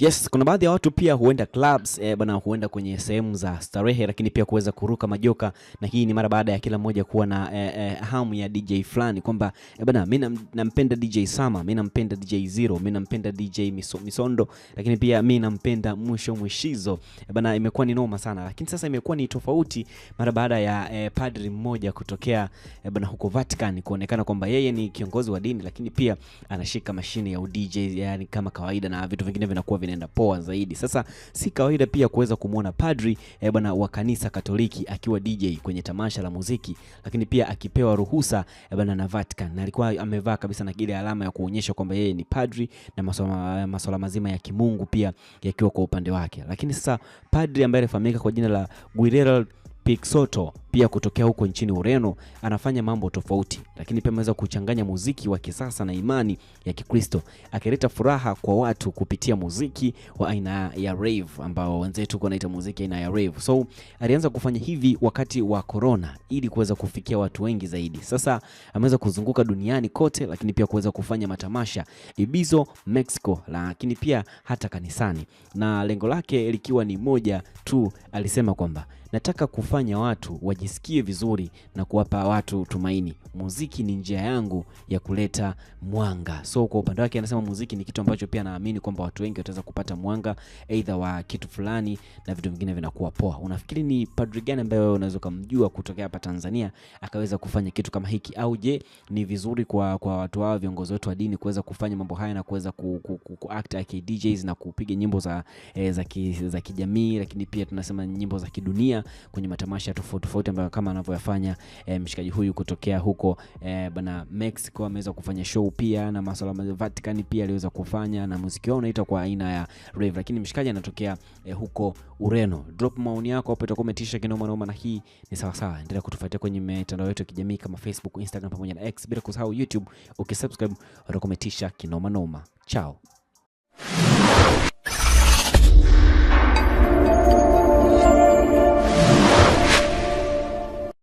Yes, kuna baadhi ya watu pia huenda clubs, eh, bana huenda kwenye sehemu za starehe lakini pia kuweza kuruka majoka, na hii ni mara baada ya kila mmoja kuwa na eh, eh, hamu ya DJ fulani kwamba eh, bana mimi nampenda DJ Sama, mimi nampenda DJ Zero, mimi nampenda DJ Miso, Misondo lakini pia mimi nampenda Mwisho Mwishizo. Eh, bana imekuwa ni noma sana, lakini sasa imekuwa ni tofauti mara baada ya eh, padri mmoja kutokea eh, bana huko Vatican kuonekana kwamba yeye ni kiongozi wa dini, lakini pia anashika mashine ya DJ yani kama kawaida na vitu vingine vinakuwa vinaenda poa zaidi. Sasa si kawaida pia kuweza kumwona padri eh, bwana wa kanisa Katoliki akiwa DJ kwenye tamasha la muziki, lakini pia akipewa ruhusa eh, bwana na Vatican, na alikuwa amevaa kabisa na kile alama ya kuonyesha kwamba yeye ni padri na masuala masuala mazima ya kimungu pia yakiwa kwa upande wake. Lakini sasa padri ambaye alifahamika kwa jina la Guerrero Pixoto pia kutokea huko nchini Ureno, anafanya mambo tofauti, lakini pia ameweza kuchanganya muziki wa kisasa na imani ya Kikristo, akileta furaha kwa watu kupitia muziki wa aina ya rave, ambao wenzetu wanaita muziki aina ya rave. So alianza kufanya hivi wakati wa corona, ili kuweza kufikia watu wengi zaidi. Sasa ameweza kuzunguka duniani kote, lakini pia kuweza kufanya matamasha Ibizo, Mexico, lakini pia hata kanisani, na lengo lake likiwa ni moja tu, alisema kwamba nataka kufanya watu wa wajisikie vizuri na kuwapa watu tumaini. Muziki ni njia yangu ya kuleta mwanga. So kwa upande wake anasema muziki ni kitu ambacho pia naamini kwamba watu wengi wataweza kupata mwanga aidha wa kitu fulani na vitu vingine vinakuwa poa. Unafikiri ni padri gani ambaye wewe unaweza kumjua kutokea hapa Tanzania akaweza kufanya kitu kama hiki, au je, ni vizuri kwa, kwa watu hao viongozi wetu wa dini kuweza kufanya mambo haya na kuweza ku, ku, ku, ku act like DJs na kupiga nyimbo za, eh, za, ki, za kijamii, lakini pia tunasema nyimbo za kidunia kwenye matamasha tofauti tofauti yote ambayo kama anavyoyafanya e, mshikaji huyu kutokea huko e, bana Mexico ameweza kufanya show pia na masuala ya Vatican pia aliweza kufanya na muziki wao unaitwa kwa aina ya rave, lakini mshikaji anatokea e, huko Ureno. Drop maoni yako hapo, itakuwa umetisha kinoma noma, na hii ni sawa sawa. Endelea kutufuatia kwenye mitandao yetu ya kijamii kama Facebook, Instagram pamoja na X, bila kusahau YouTube. Ukisubscribe utakuwa umetisha kinoma noma. Chao.